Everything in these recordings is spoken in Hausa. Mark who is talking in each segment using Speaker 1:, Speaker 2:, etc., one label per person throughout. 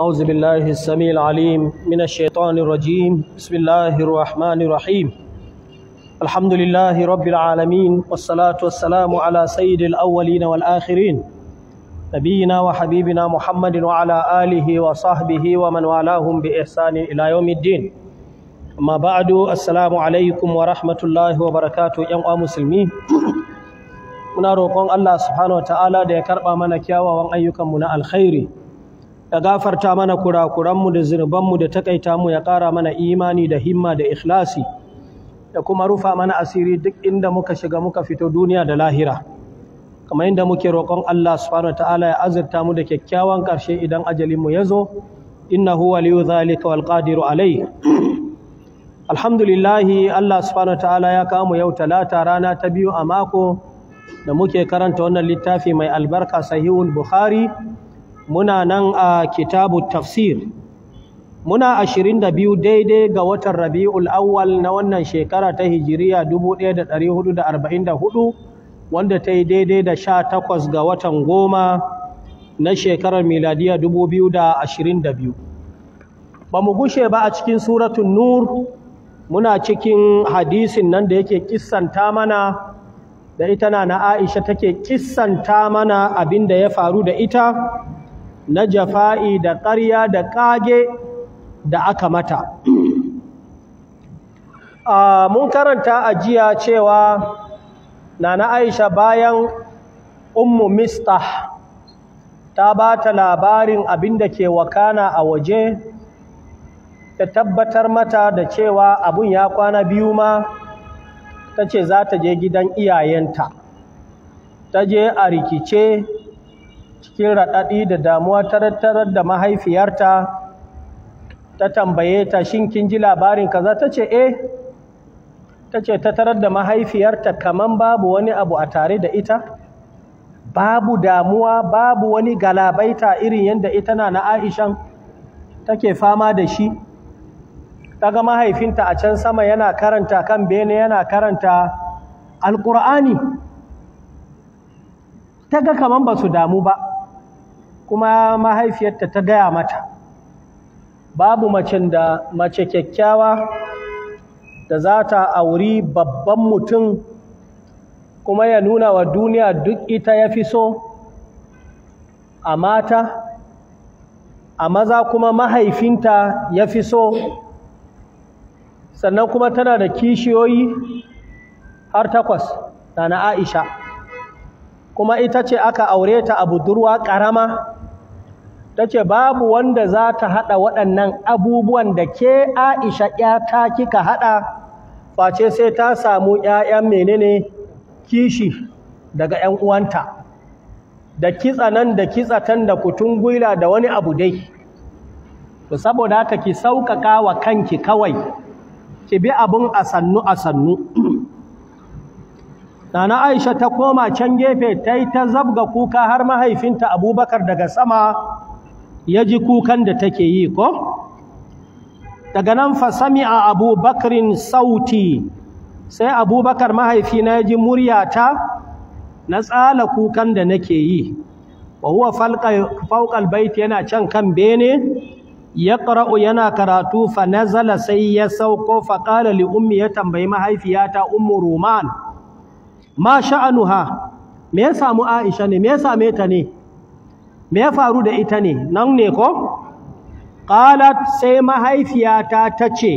Speaker 1: أعوذ بالله السميع العليم من الشيطان الرجيم بسم الله الرحمن الرحيم الحمد لله رب العالمين والصلاة والسلام على سيد الأولين والآخرين نبينا وحبيبنا محمد وعلى آله وصحبه ومن والاهم بإحسان إلى يوم الدين amma ba'adu assalamu alaikum wa rahmatullahi wa barakatu yan uwa musulmi muna roƙon Allah subhanahu wa ta'ala da ya karɓa mana kyawawan ayyukanmu na alkhairi ya gafarta mana kurakuranmu da zunubanmu da takaita mu ya ƙara mana imani da himma da ikhlasi da kuma rufa mana asiri duk inda muka shiga muka fito duniya da lahira kamar inda muke roƙon Allah subhanahu ta'ala ya azurta mu da kyakkyawan ƙarshe idan ajalin mu zo innahu waliyu zalika wal qadiru Alhamdu alhamdulillah Allah subhanahu ta'ala ya kawo mu yau talata rana ta biyu a mako da muke karanta wannan littafi mai albarka sahihul bukhari muna nan a kitabu tafsir muna 22 daidai ga watan rabi'ul awwal na wannan shekara ta hijiriya 1444 wanda ta yi daidai da sha 18 ga watan goma na shekarar miladiya 2022 ba mu gushe ba a cikin suratun nur muna cikin hadisin nan da yake kissanta mana da ita na na aisha take kissanta mana abin da ya faru da ita na jafa'i da ƙarya da ƙage da aka mata mun karanta ajiya jiya cewa nana aisha bayan ummu mista ta ba ta labarin abin da ke wakana a waje ta tabbatar mata da cewa abun ya kwana biyu ma ta ce za ta je gidan iyayenta ta je a rikice cikin raɗaɗi da damuwa tarar da mahaifiyarta ta tambaye ta shin kin ji labarin kaza ta ce eh ta ce ta tarar da mahaifiyarta kaman babu wani abu a tare da ita babu damuwa babu wani galabaita irin yadda ita na na Aisha take fama da shi daga mahaifinta a can sama yana karanta kan bene yana karanta alkur'ani ta ga kaman ba su damu ba kuma mahaifiyarta ta gaya mata babu macen da mace kyakkyawa da za ta auri babban mutum kuma ya nuna wa duniya duk ita ya fi so a mata a maza kuma mahaifinta ya fi so sannan kuma tana da kishiyoyi har takwas na na aisha kuma ita ce aka aure ta a budurwa ƙarama ta ce babu wanda za ta haɗa waɗannan abubuwan da ke aisha ƴata kika haɗa face sai ta samu ƴaƴan menene kishi daga ƴan uwanta da nan da kitsa tan da kutungwila da wani abu dai to saboda haka ki sauƙaƙa wa kanki kawai ki bi abin a sannu a sannu Nana Aisha ta koma can gefe ta yi ta zabga kuka har mahaifinta Abubakar daga sama ya ji kukan da take yi ko daga nan fa sami'a abubakarin sauti sai abubakar mahaifina ya ji muryata na tsala kukan da nake yi wa huwa fawqal bait yana can kan bene ya yaqra'u yana karatu fa nazala sai ya sauko fa qala li ummi ya tambayi mahaifiyata ummu ruman ma sha'anuha me ya samu aisha ne me ya same ta ne me ya faru da ita ne nan ne ko qalat sai mahaifiyata ta ce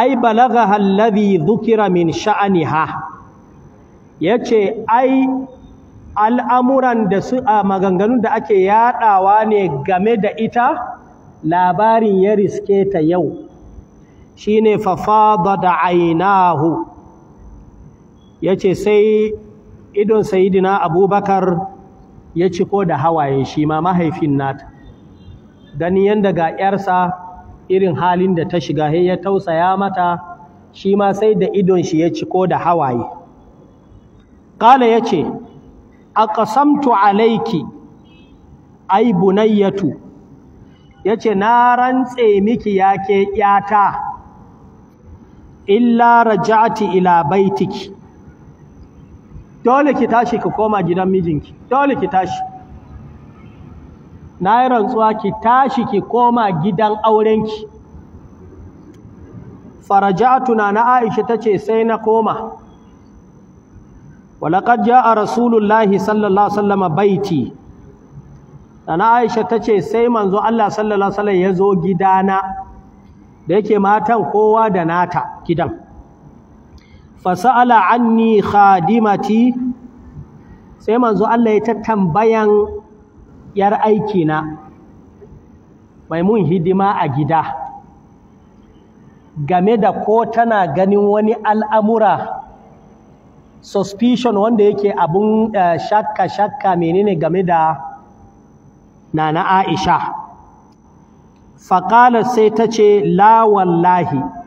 Speaker 1: ai balagha alladhi dhukira min sha'niha yace ai al'amuran da su a maganganun da ake yadawa ne game da ita labarin ya riske ta yau shine fafada da ainahu yace sai idon sayidina abubakar ya ciko da hawaye shi ma mahaifin nata gani yanda ga 'yarsa irin halin da ta shiga ya tausaya mata shi ma sai da idon shi ya ciko da hawaye kala yace ce aqsamtu alaiki ai bunayyatu yace na rantse miki yake yata illa raja'ati ila baitiki dole ki tashi ki koma gidan mijinki dole ki tashi na yi rantsuwa ki tashi ki koma gidan aurenki Farajatu na aisha ta ce sai na koma walaƙar ja'a rasulullahi sallallahu sallama baiti da na aisha ta ce sai manzo Allah sallallahu sallam ya zo gidana da yake matan kowa da nata gidan fasa'ala anni khadimati sai manzo Allah ya ta tambayan yar na, mai mun hidima a gida game da ko tana ganin wani al'amura suspicion wanda yake abun eh, shakka-shakka menene game da nana Aisha faƙalar sai ta ce la wallahi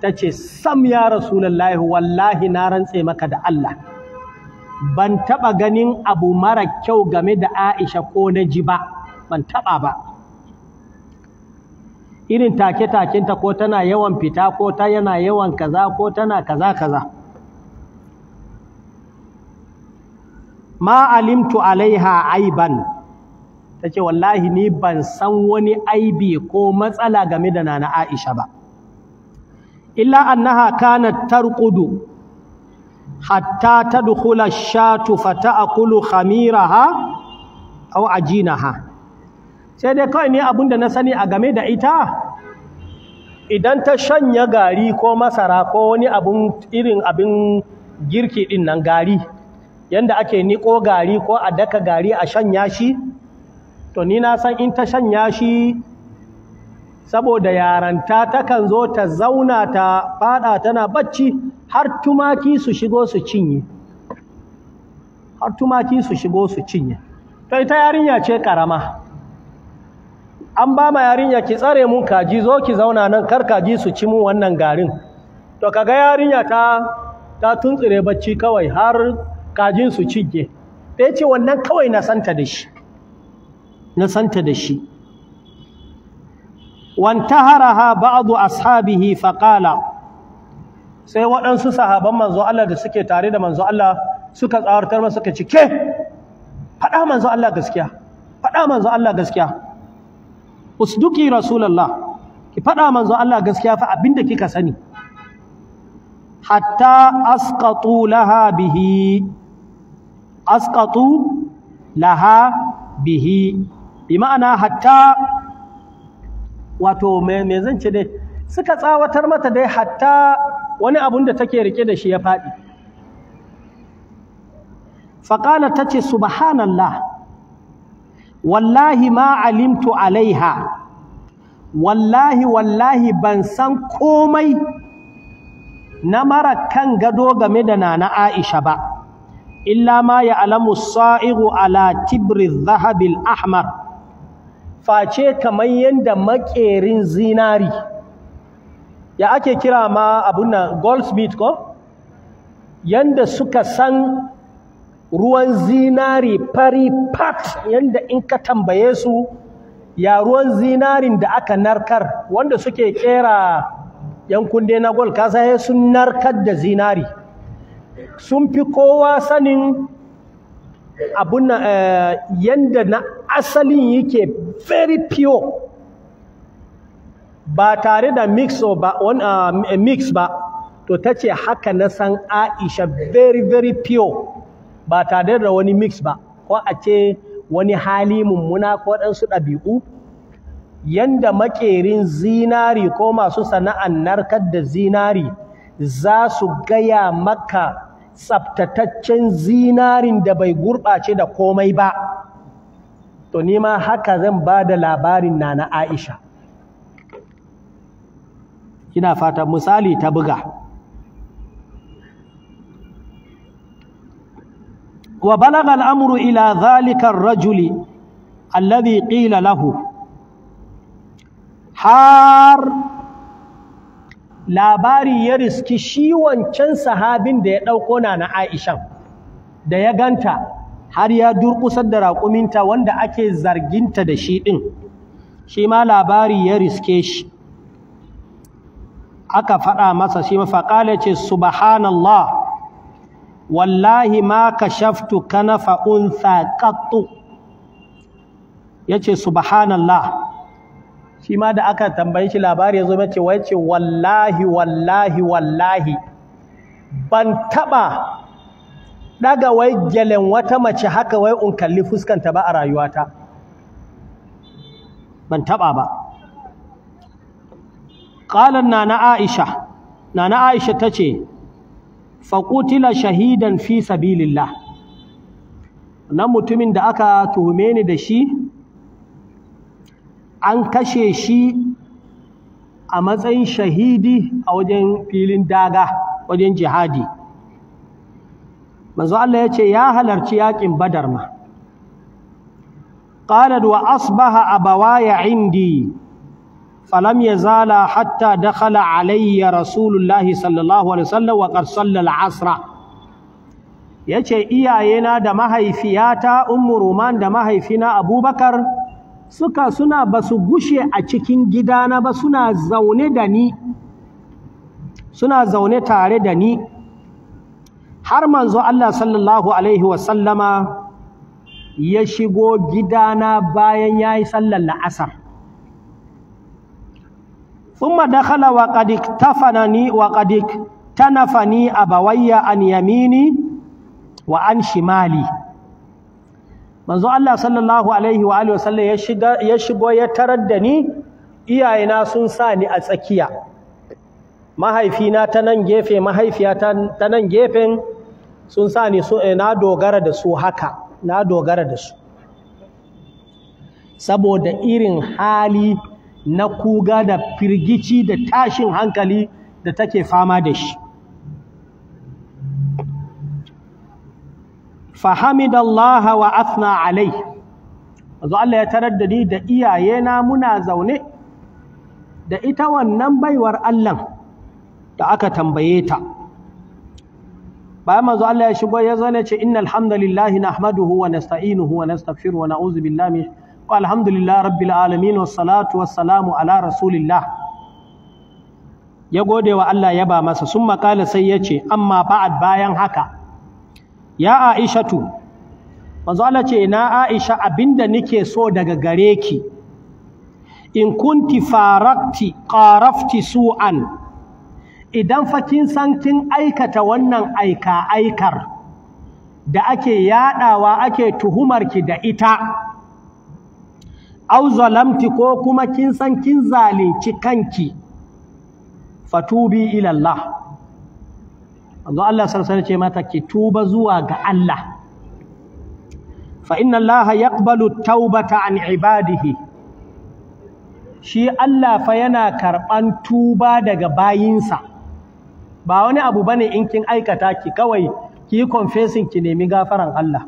Speaker 1: ta ce sam ya rasulallahi wallahi na rantse maka da Allah ban taɓa ganin abu mara kyau game da Aisha ko na ji ba ban taɓa ba irin take ta ko tana yawan fita ko ta yana yawan kaza ko tana kaza-kaza ma alimtu alaiha aiban ta ce wallahi ni ban san wani aibi ko matsala game da nana Aisha ba illa annaha kanat tarqudu hatta tadkhula ash-shatu fata'kulu khamiraha aw ajinaha sai dai kawai ne abinda na sani a game da ita idan ta shanya gari ko masara ko wani abun irin abin girki din nan gari yanda ake niko gari ko a daka gari a shanya shi to ni na san in ta shanya shi saboda yaranta takan zo ta zauna ta fada tana bacci har tumaki su shigo su cinye har tumaki su shigo su cinye to ita yarinya ce karama an ba ma yarinya ki tsare mun kaji zo ki zauna nan kar kaji su ci mun wannan garin to kaga yarinya ta ta tuntsire bacci kawai har kajin su cinye ta ce wannan kawai na santa da shi na santa da shi wantaharaha ba'du ashabihi faƙala, sai waɗansu sahaban manzo Allah da suke tare da manzo Allah suka tsawartar masa suka cike faɗa manzo Allah gaskiya faɗa manzo Allah gaskiya usduki rasulallah, ki faɗa manzo Allah gaskiya fa abinda kika sani hatta asqatu laha bihi asqatu laha bihi bi ma'ana hatta wato me zan ce dai suka tsawatar mata dai hatta wani abun da take rike da shi ya faɗi faƙala ta ce subhanallah wallahi ma alimtu alaiha wallahi wallahi ban san komai na mara kan gado game da nana aisha ba illa ma ya alamu sa'iru ala tibri zahabil ahmar face kamar yadda makerin zinari ya ake kira ma abun nan goldsmith ko yanda suka san ruwan zinari fari pat yanda in ka tambaye su ya ruwan zinarin da aka narkar wanda suke kera yan kunde na gol kasa sun narkar da zinari sun fi kowa sanin abun eh, yanda na asalin yake very pure ba tare da mix ba uh, mix ba to tace haka na san aisha very very pure ba tare da wani mix ba ko a ce wani hali mummuna ko su dabi'u. yanda makerin zinari ko masu sana'an narkar da zinari za su gaya maka tsaftataccen zinarin da bai gurɓace da komai ba to ni ma haka zan ba da labarin na na aisha ina fata misali ta buga wa balaga al'amuru ila zalikar rajuli alladhi ƙila lahu har labari ya riski shi wancan sahabin da ya ɗauko na na aishan da ya ganta har ya durƙusar da raƙuminta wanda ake zarginta da shi ɗin shi ma labari ya riske shi aka faɗa masa shi mafaƙala ce subhanallah wallahi ma ka shaftu kanafa unsa qattu ya ce subhanallah shi ma da aka tambaye shi labari ya zo mace wallahi wallahi wallahi ban taɓa ɗaga wai gyalen wata mace haka wai in kalli fuskanta ba a rayuwata ban taɓa ba ƙalar na aisha na aisha ta ce faƙutila shahidan fi sabilillah nan mutumin da aka tuhume ni da shi an kashe shi a matsayin shahidi a wajen filin daga wajen jihadi manzo Allah ya ce ya halarci yaƙin badar ma qalat wa asbaha abawaya indi falam yazala hatta dakhala alayya rasulullah sallallahu alaihi wasallam wa qad salla al-asra yace iyayena da mahaifiyata ummu ruman da mahaifina abubakar suka suna basu gushe a cikin gidana ba suna zaune da ni suna zaune tare da ni har manzo Allah sallallahu alaihi wasallama ya shigo gidana bayan ya yi sallar la'asar thumma dakhala wa qad iktafanani wa qad tanafani abawayya an yamini wa an shimali manzo Allah sallallahu alaihi wa alihi wasallam ya shiga ya shigo ya tarar da ni iyayena sun sa ni a tsakiya mahaifina ta nan gefe mahaifiyata ta nan gefen sun sa ni eh, na dogara da su haka na dogara da su saboda irin hali na kuga da firgici da tashin hankali da take fama da shi fahimidallaha wa asna alai wanzu Allah ya tarar da ni da iyayena muna zaune da ita wannan baiwar Allah da aka tambaye ta bayan manzo Allah ya shigo ya zane ce innal hamdalillahi nahmaduhu wa nasta'inuhu wa nastaghfiruhu wa na'udhu billahi min alhamdulillahi rabbil alamin was salatu was salamu ala rasulillah ya gode wa Allah ya ba masa sun makala sai ya ce amma ba'ad bayan haka ya aishatu manzo Allah ce na aisha abinda nike so daga gare ki in kunti farakti qarafti su'an idan fa kin san kin aikata wannan aika aikar da ake yadawa ake tuhumar ki da ita au zalamti ko kuma kin san kin zalunci kanki fatubi ila Allah Allah Allah sarsar ce mata ki tuba zuwa ga Allah fa inna Allah yaqbalu taubata an ibadihi shi Allah fa yana karban tuba daga bayinsa ba wani abu bane in kin aikata ki kawai ki confessing ki nemi gafaran Allah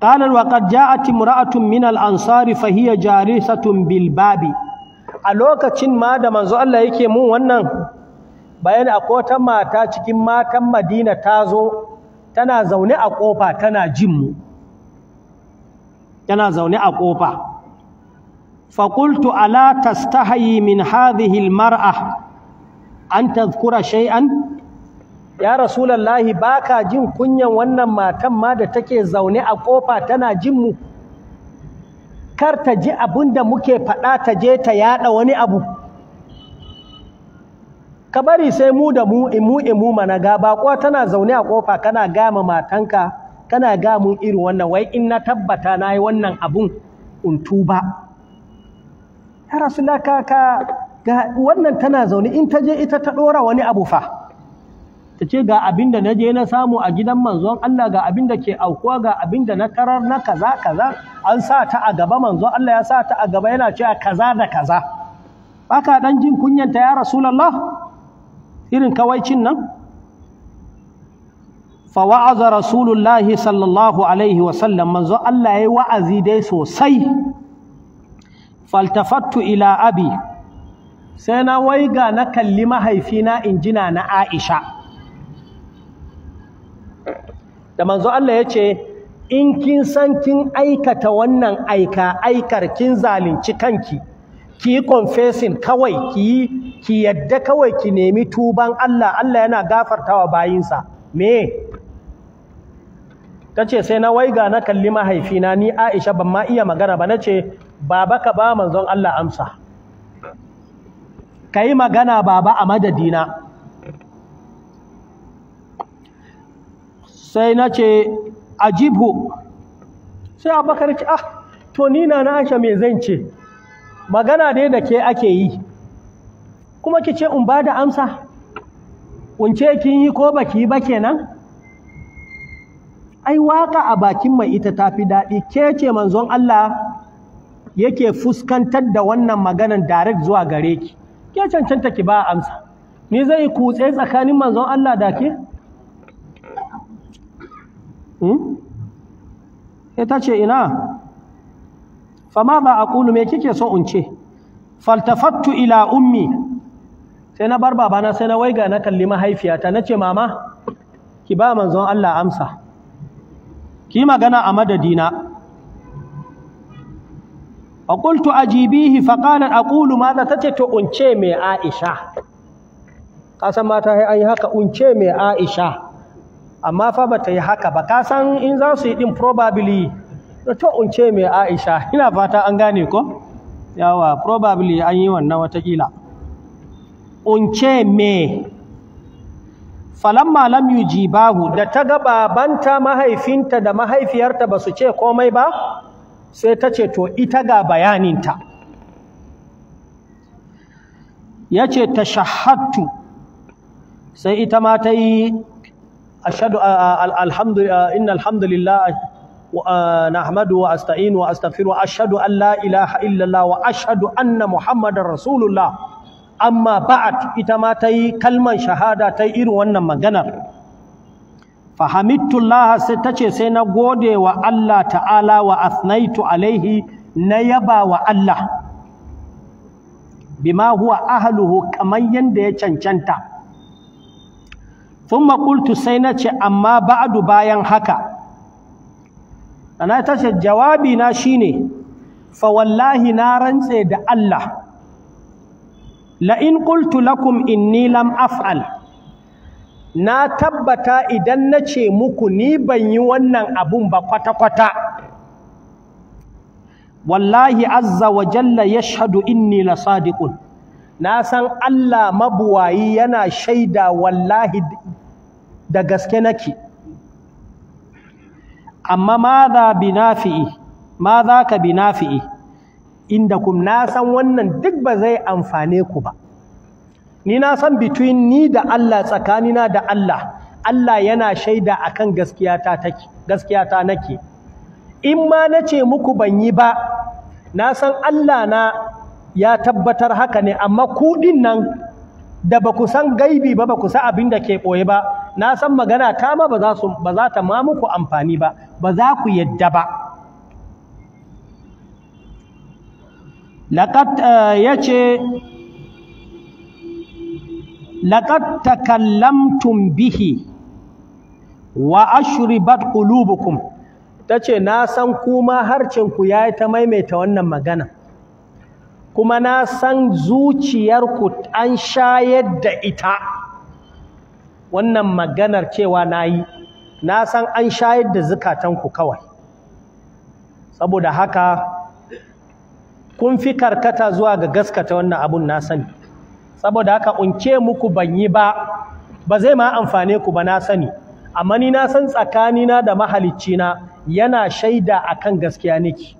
Speaker 1: قال وقد جاءت امرأة من الأنصار فهي جارسة babi." a lokacin ma da manzo Allah yake mun wannan bayani a kota mata cikin matan Madina ta zo tana zaune a kofa tana jin mu tana zaune a kofa فقلت ألا تستحي من هذه an tazkura shay'an ya rasulallahi baka jin kunyan wannan matan ma da take zaune a kofa tana jin mu kar ta ji abin da muke faɗa ta je ta yaɗa wani abu ka bari sai mu da mu imu imu mana ga baƙo tana zaune a kofa kana gama matanka kana gamun irin wannan wai in na tabbata na yi wannan abun untuba. ya rasu ka ka ga wannan tana zaune in ta je ita ta ɗora wani abu fa ta ce ga abin da na je na samu a gidan manzon Allah ga abin da ke aukuwa ga abin da na karar na kaza kaza an sa ta a gaba manzon Allah ya sa ta a gaba yana cewa kaza da kaza baka dan jin kunyanta ya rasulullah irin kawaicin nan fa wa'aza rasulullahi sallallahu alaihi wa sallam manzon Allah yayi wa'azi dai sosai faltafattu ila abi sai na wai ga na kalli mahaifina injina na Aisha da manzo Allah ya ce in kin san kin aikata wannan aika aikar kin zalunci kanki ki yi confessing kawai ki yi ki yadda kawai ki nemi tuban Allah Allah yana gafarta wa bayinsa me ce sai na waiga na kalli mahaifina ni Aisha ban ma iya magana ba nace baba ka ba manzon Allah amsa ka yi magana baba a madadina sai na ce ajibu sai abakar ce ah to nina na aisha mai zan ce magana dai da ke ake yi kuma ki ce in ba da amsa ce kin yi ko baki ba kenan ai waka a bakin mai ita tafi daɗi ke ce manzon Allah yake fuskantar da wannan maganan direct zuwa gare ki ya cancanta ki ba amsa ni zai kutse tsakanin manzon Allah da ke hmm? ita ce ina fa ma ba a me kike so in ce faltafattu ila ummi sai na bar Baba na sai na waiga na kalli mahaifiyata nace mama ki ba manzon Allah amsa ki magana a madadina a ƙultu a jibihi faƙalar a ma mata ta ce to unce mai aisha kasan mata an yi haka unce mai aisha amma fa ba ta yi haka ba kasan in za su yi ɗin probably to unce mai aisha ina fata an gane ko yawa probably an yi wannan watakila unce mai falamma lam yujibahu da ta ga babanta mahaifinta da mahaifiyarta ba su ce komai ba sai ta ce to ita ga bayaninta ya ce ta shahattu sai ita ma ta yi inna alhamdulillah na ahmadu wa asta'inu wa astaghfiru ashadu an la ilaha illallah wa ashadu anna muhammadar rasulullah amma ba'at ita ma ta yi kalman shahada ta yi irin wannan maganar fahamitullah sai tace sai na gode wa Allah ta'ala wa asnaitu alaihi na yaba wa Allah bima huwa ahluhu kamar yadda ya cancanta thumma qultu sai na ce amma ba'du bayan haka ana tace jawabina jawabi na shine fa wallahi na rantse da Allah la in qultu lakum inni lam af'al na tabbata idan na ce muku ni ban yi wannan abun ba kwata-kwata wallahi azza wa jalla ya shahadu inni la sadiqun na san Allah mabuwayi yana shaida wallahi da gaske nake amma madha binafi'i madha ka Inda kum na san wannan duk ba zai amfane ku ba ni na san between ni da Allah tsakanina da Allah Allah yana shaida akan gaskiyata take gaskiyata nake in ma nace muku ban yi ba na san Allah na ya tabbatar haka ne amma ku din nan da ba ku san gaibi ba ba ku san abin da ke ɓoye ba na san magana ta ma ba za su ba za ta ma muku amfani ba ba za ku yadda ba laqad eh, yace laqad bihi wa ashribat qulubukum tace na san kuma harcin ku yayi ta maimaita wannan magana kuma na san zuciyarku an shayar da ita wannan maganar cewa nayi na san an shayar da zukatanku kawai saboda haka kun fi karkata zuwa ga gaskata wannan abun na sani saboda haka unce muku ban yi ba ba zai ma amfane ku ba na sani amma ni na san tsakanina da na yana shaida akan gaskiya niki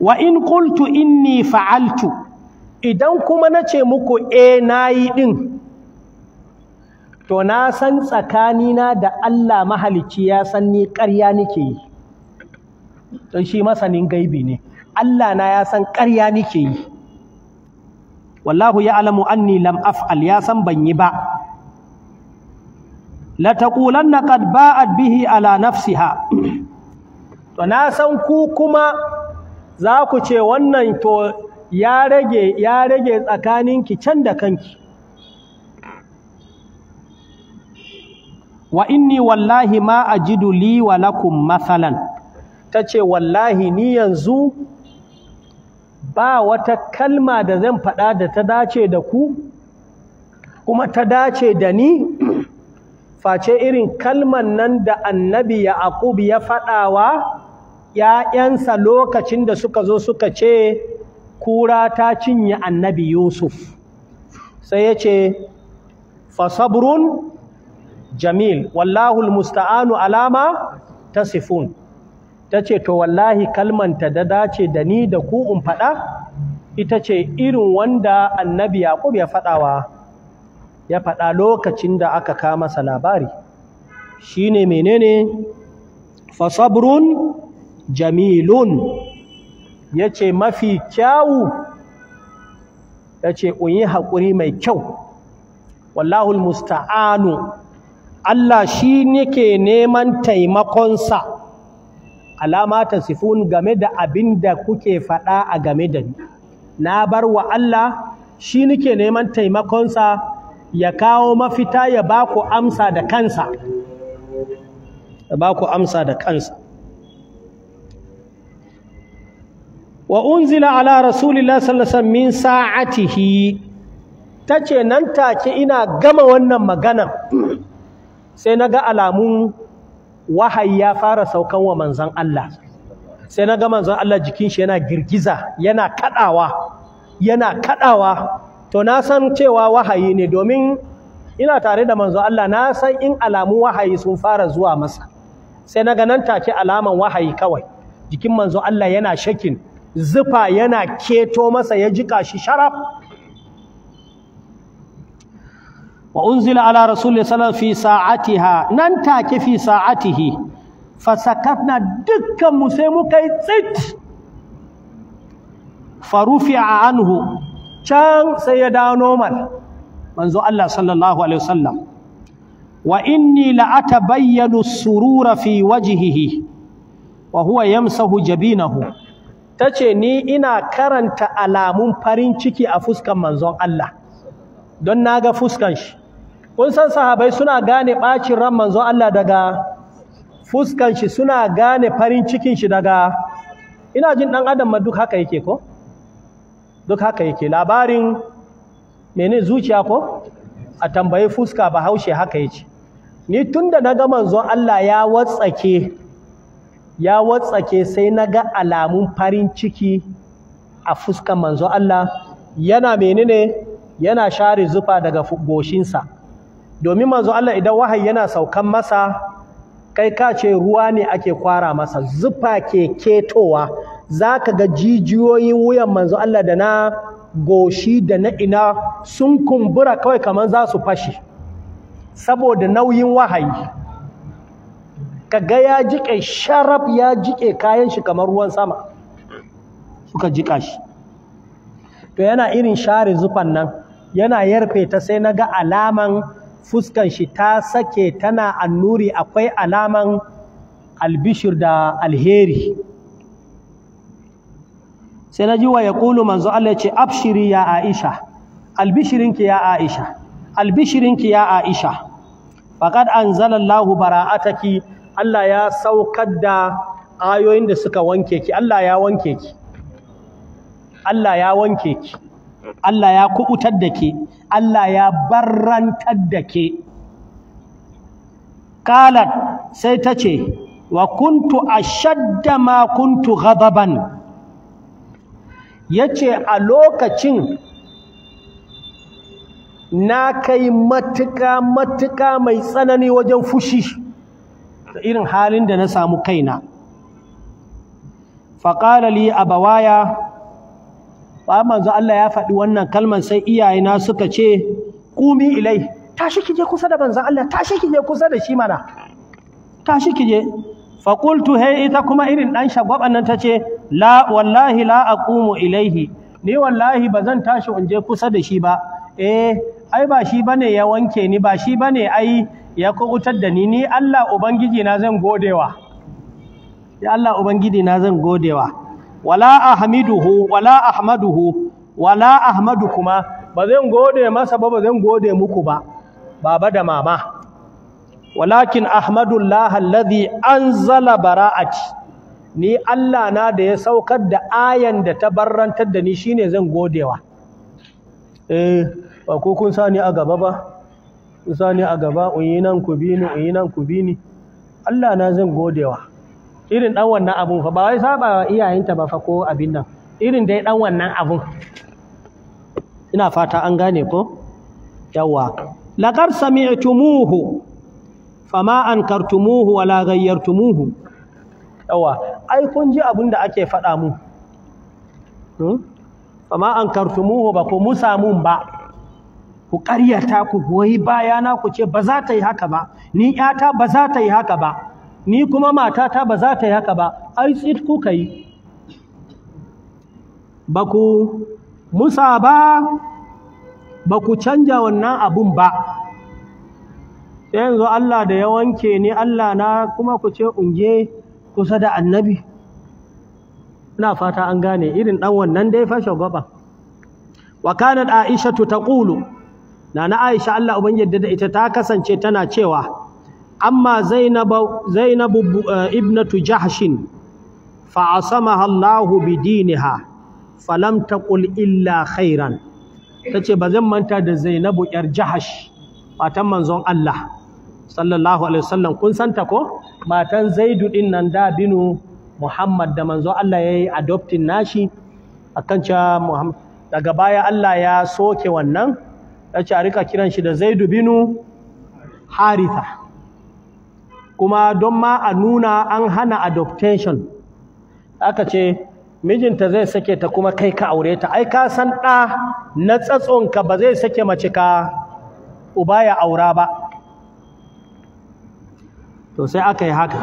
Speaker 1: wa in qultu inni fa'altu idan kuma nace muku eh nayi din to na san tsakanina da Allah mahalicci ya san ni ƙarya nake yi don shi masanin gaibi ne Allah na ya san ƙarya nike yi wallahu ya alamu ni lam af'al ya san ban yi ba la taqulanna qad a bihi ala nafsiha to na san ku kuma za ku ce wannan to ya rage ya rage tsakaninki can da kanki wa inni wallahi ma ajidu li wa matsalan. Ta tace wallahi ni yanzu ba wata kalma da zan faɗa da ta dace da ku kuma ta dace da ni face irin kalman nan da annabi yaqub ya faɗawa ‘ya'yansa lokacin da suka zo suka ce kura ta cinye annabi yusuf sai ya ce fasabrun jamil wallahul musta'anu alama ta sifun ta ce to wallahi kalmanta da dace da ni da ku in faɗa ita ce irin wanda annabi yaƙub ya faɗawa ya faɗa lokacin da aka kama masa labari shine menene fasabrun jamilun ya ce mafi kyawu ya ce yi haƙuri mai kyau wallahul musta'anu Allah shi nike neman taimakonsa alama ta sifun game da abin da kuke faɗa a game da ni na bar wa Allah shi nike neman taimakonsa ya kawo mafita ya ba ku amsa da kansa ya ba ku amsa da kansa wa unzila ala rasulillah sallallahu alaihi wasallam min sa'atihi tace nan take ina gama wannan magana sai naga alamun wahayi ya fara saukan wa manzon Allah sai na ga manzon Allah jikin shi yana girgiza yana kadawa yana kadawa to na san cewa wahayi ne domin ina tare da manzon Allah na san in alamu wahayi sun fara zuwa masa sai na ga nan take alaman wahayi kawai jikin manzon Allah yana shakin zufa yana keto masa ya jika shi sharaf wa unzila ala rasulullah sallallahu fi sa'atiha nan take fi sa'atihi fasakatna dukkan mu sai muka yi tsit farufi'a anhu can sai ya dawo normal manzo Allah sallallahu alaihi wa inni la'atabayyanu surura fi wajhihi wa huwa yamsahu jabinahu tace ni ina karanta alamun farin ciki a fuskan manzon Allah don ga fuskan shi kun san sahabai suna gane ɓacin ran manzo Allah daga fuskan shi suna gane farin cikin shi daga ina jin ɗan adam ma duk haka yake ko duk haka yake labarin mene zuciya ko a tambayi fuska ba haushe haka ce. ni tunda naga manzon Allah ya watsake ya watsake sai naga alamun farin ciki a fuskan manzo Allah yana menene yana share zufa daga goshinsa domin manzo Allah idan wahayi yana saukan masa kai ka ce ruwa ne ake kwara masa zufa ke ketowa za ka ga jijiyoyin wuyan manzo Allah da na goshi da na ina sun kumbura kawai kamar za su fashi saboda nauyin wahayi ga ya jiƙe sharaf ya jiƙe kayan shi kamar ruwan sama suka jiƙa shi to yana irin share zufan nan yana yarfe ta sai na ga alaman fuskan shi ta sake tana annuri akwai alaman albishir da alheri sai na ji wa ya ƙulu manzo Allah ce abshiri ya aisha albishirinki ya aisha albishirinki ya aisha faqad an bara'ataki Allah ya saukar da ayoyin da suka wanke ki Allah ya wanke ki Allah ya wanke ki Allah ya kubutar da ke Allah ya barrantar da ke kalar sai ta ce wa kuntu ashadda ma kuntu ghadaban ce a lokacin na kai matuka matuka mai tsanani wajen fushi da irin halin da na samu kaina faƙalali a Bawaya. ba manzo Allah ya faɗi wannan kalman sai iyayena suka ce kumi ilai tashi kije kusa da manzo Allah tashi kije kusa da shi mana tashi kije fa qultu hay ita kuma irin dan shagwaban nan tace la wallahi la aqumu ilaihi ni wallahi bazan tashi in je kusa da shi ba eh ai ba shi bane ya wanke ni ba shi bane ai ya kokutar da ni ni Allah ubangiji na zan godewa ya Allah ubangiji na zan godewa wala ahmiduhu wala ahmaduhu wala ahmadukuma ba zan gode masa ba ba zan gode muku ba baba da mama walakin ahmadullah alladhi anzala bara'ati ni Allah na da ya saukar da ayan da ta barrantar da ni shine zan godewa eh ba ko kun sani a gaba ba kun sani a gaba uyinan ku bi ni ku bi ni Allah na zan godewa irin dan wannan abun fa ba wai saba wa iyayenta ba fa ko abin nan irin dai dan wannan abun ina fata an gane ko yawa laqad sami'tumuhu fama ankartumuhu wala ghayyartumuhu yawa ai kun ji abin da ake faɗa mu hmm? fama ankartumuhu ba ku musa mun ba ku ƙaryata ku goyi bayana ku ce ba za ta yi haka ba ni ƴata ba za ta yi haka ba ni kuma matata ba za ta yi haka ba ai tsit kuka yi ba ku musa ba ba ku canja wannan abun ba yanzu Allah da ya wanke ni Allah na kuma ku ce unge kusa da annabi ina fata an gane irin dan wannan dai fashe shagwaba wa kanat aisha na nana aisha Allah Ubangiyar da ita ta kasance tana cewa amma zainabu ibnatu jahshin fa'asamaha Allahu bi diniha falam taqul illa khairan tace bazan manta da Zainabu yar Jahash matan manzon Allah sallallahu alaihi wasallam kun santa ko matan Zaidu din nan da binu Muhammad da manzon Allah yayi adopting nashi akan cha Muhammad daga baya Allah ya soke wannan tace a rika kiran shi da Zaidu binu Haritha kuma don ma a nuna an hana adoption aka ce mijinta zai sake ta kuma kai ka aure ta ai ka san ɗa na tsatsonka ba zai sake mace ka uba ya aura ba to sai aka yi haka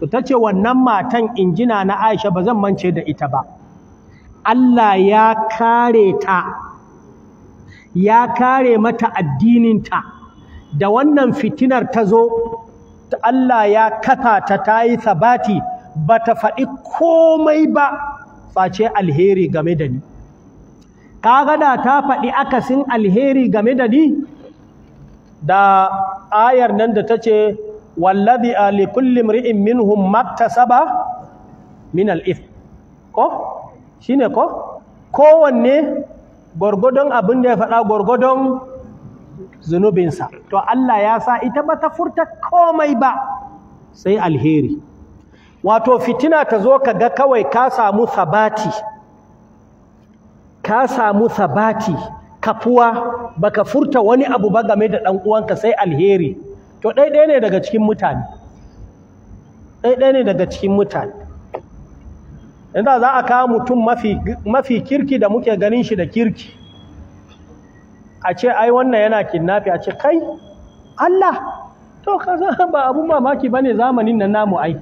Speaker 1: to ta ce wannan matan injina na aisha ba zan mance da ita ba Allah ya kare ta ya kare mata addininta da wannan fitinar ta zo Allah ya kafa ta ta yi sabati ba ta faɗi komai ba face alheri game da ni kaga da ta faɗi akasin alheri game da ni da ayar nan da ta ce wallazi ali kulli mri'in minhum saba min al’if. Ko? ko shine ko kowanne gwargwadon abin da ya faɗa gwargwadon zunubinsa to Allah ya sa ita ba ta furta komai ba sai alheri wato fitina ta zo ka ga kawai ka samu sabati ka samu sabati kafuwa baka furta wani abu ba game da ɗan uwanka sai alheri to ɗaiɗai ne daga cikin mutane ɗaiɗai ne daga cikin mutane inda za a kawo mutum mafi kirki da muke ganin shi da kirki a ce ai wannan yana kidnafi a ce kai Allah to kaza ba abun mamaki bane zamanin nan namu ai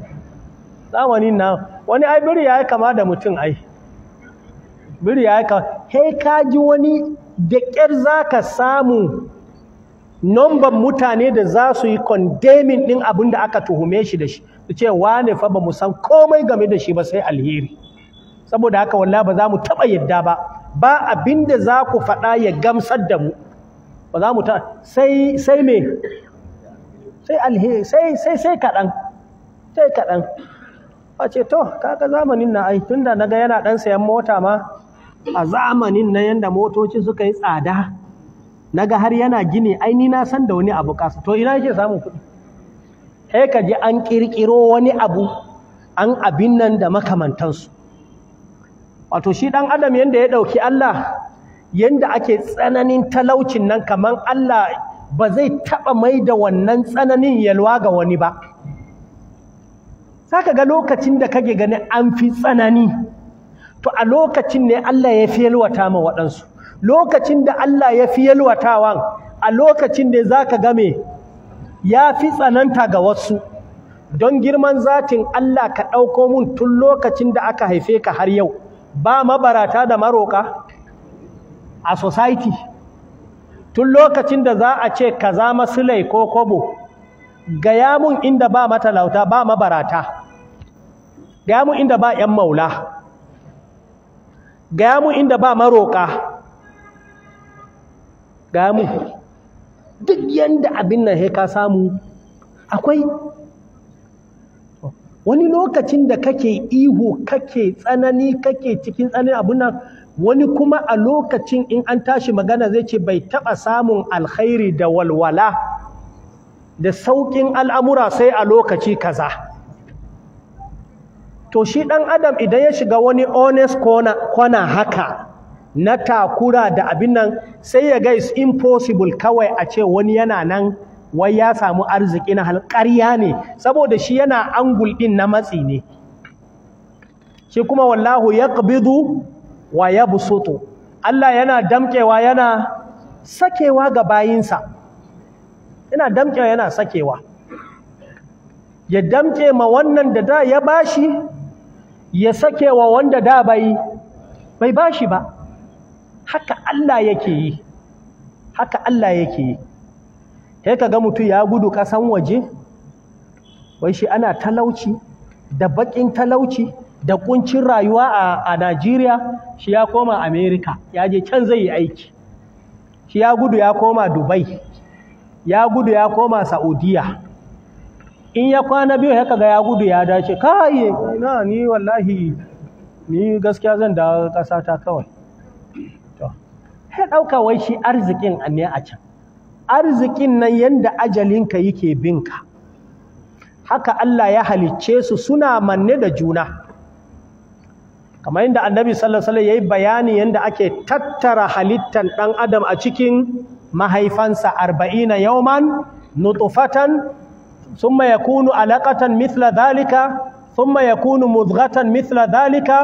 Speaker 1: zamanin nan wani ai biri ya kama da mutum ai biri ya ka he ka ji wani da ƙyar za samu nomban mutane da za su yi condemning ɗin abin da aka tuhume shi da shi su ce wane fa ba mu san komai game da shi ba sai alheri saboda haka wallahi ba za mu taɓa yadda ba ba abin da za ku faɗa ya gamsar da mu ba za mu ta sai sai me sai alheri sai sai kaɗan sai kaɗan a ce to kaga zamanin na ai tunda naga yana ɗan sayan mota ma a zamanin na yanda motoci suka yi tsada naga har yana gini ai ni na san da wani abu kasu. to ina yake samun kuɗi sai ka ji an ƙirƙiro wani abu an abin nan da makamantansu wato shi ɗan adam yadda ya ɗauki Allah yanda ake tsananin talaucin nan kamar Allah ba zai taɓa mai da wannan tsananin yalwa ga wani ba saka ga lokacin da kage gani an fi tsanani to a lokacin ne Allah ya fi yalwata ma waɗansu lokacin da Allah ya fi yalwatawan a lokacin da za ka game ya fi tsananta ga wasu don girman zatin Allah ka ɗauko mun tun lokacin da aka haife ka har yau ba mabarata da maroka a society tun lokacin da za a ce kaza masulai ko kobo gaya mun inda ba matalauta ba mabarata gaya mun inda ba ‘yan maula gaya mun inda ba maroka gaya mun duk yadda abin nan ka samu akwai wani lokacin da kake ihu kake tsanani kake cikin tsanani abun nan wani kuma a lokacin in an tashi magana zai ce bai taɓa samun alkhairi da walwala da sauƙin al'amura sai a lokaci kaza to shi ɗan adam idan ya shiga wani honest kwana haka na takura da abin nan sai ya ga is impossible kawai a ce wani yana nan wai ya samu arziki na halƙariya ne saboda shi yana angul ɗin na matsi ne shi kuma wallahu ya ƙabidu wa ya busoto? Allah yana damƙewa yana sakewa ga bayinsa yana damƙewa yana sakewa ya damƙe ma wannan da da ya bashi ya sakewa wanda da bai bai bashi ba haka Allah yake yi haka Allah yake yi sai ka ga mutum ya gudu ƙasan waje wai shi ana talauci da baƙin talauci da ƙuncin rayuwa a Najeriya shi ya koma Amerika ya je can zai yi aiki shi ya gudu ya koma Dubai ya gudu ya koma Saudiya in ya kwana biyu ya kaga ya gudu ya dace kai na ni wallahi ni gaskiya zan da ƙasa ta kawai to ya ɗauka wai shi arzikin ne a can arzikin nan yanda ajalinka yake binka haka Allah ya halicce su suna manne da juna kamar yadda annabi sallallahu alaihi wasallam yayi bayani yanda ake tattara halittar ɗan adam a cikin mahaifansa 40 yawman nutfatan thumma yakunu alaqatan mithla dhalika thumma yakunu mudghatan mithla dhalika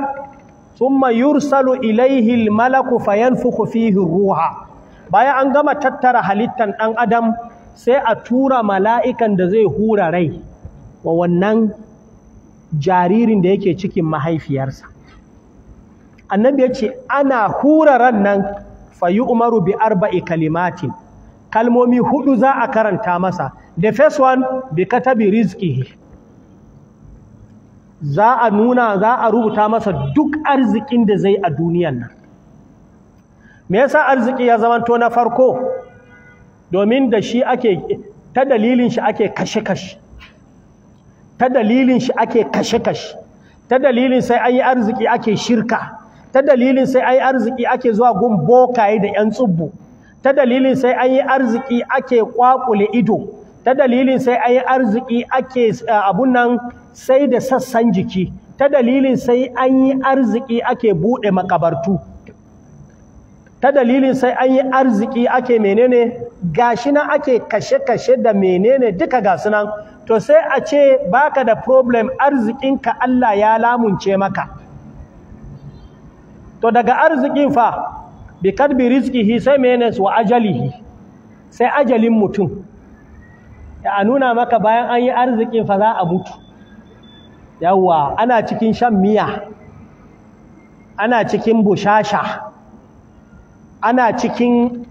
Speaker 1: thumma yursalu ilayhi almalaku fayanfukhu fihi ruha bayan an gama tattara halittar ɗan adam sai a tura mala'ikan da zai hura rai wa wannan jaririn da yake cikin mahaifiyarsa annabi ya ce ana hura ran nan fayi umaru bi arba'i kalimatin kalmomi hudu za a karanta masa the first one bi katabi rizki za a nuna za a rubuta masa duk arzikin da zai a duniyan nan me yasa arziki ya zamanto na farko domin da shi ake ta dalilin shi ake kashe-kashe ta dalilin shi ake kashe-kashe ta dalilin sai an arziki ake shirka ta dalilin sai an arziki ake zuwa gun bokaye da 'yan tsubbu ta dalilin sai an arziki ake kwakule ido ta dalilin sai an arziki ake eh, abun nan sai da sassan jiki ta dalilin sai an yi arziki ake buɗe makabartu ta dalilin sai an yi arziki ake menene gashi nan ake kashe-kashe da menene duka gasu nan to sai a ce baka da problem arzikinka Allah ya lamunce maka to daga arzikin fa bi kadbi rizqihi sai menene wa ajalihi sai ajalin mutum ya nuna maka bayan an yi arzikin fa za a mutu yawa ana cikin shan miya ana cikin bushasha ana cikin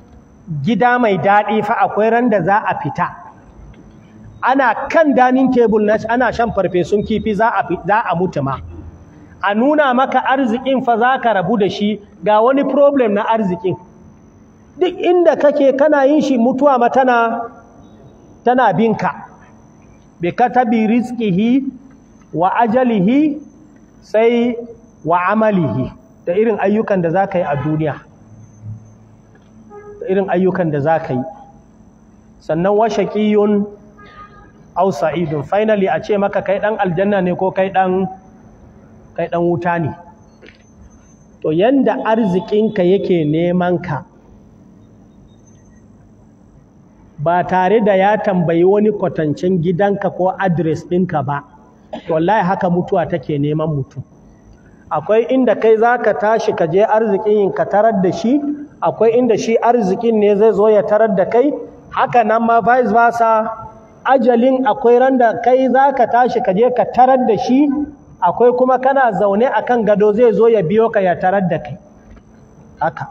Speaker 1: gida mai daɗi fa akwai ran da za a fita ana kan danin tebul na ana shan farfesun kifi za a za a mutu ma a nuna maka arzikin fa za ka rabu da shi ga wani problem na arzikin duk inda kake kana yin shi mutuwa ma tana tana binka bi katabi rizqihi wa ajalihi sai wa amalihi da irin ayyukan da za ka yi a duniya irin ayyukan da za ka yi sannan washe ƙiyun ausa idun finally a ce maka kai ɗan aljanna ne ko kai ɗan wuta ne to yanda arzikinka yake neman ka ba tare da ya tambayi wani kwatancin gidanka ko adres ɗinka ba wallahi haka mutuwa take neman mutum akwai inda kai za ka tashi ka je arzikin ka tarar da shi akwai inda shi arzikin ne zai zo ya tarar da kai haka nan ma vice versa ajalin akwai randa kai za ka tashi ka je ka tarar da shi akwai kuma kana zaune a kan gado zai zo ya biyo ka ya tarar da kai haka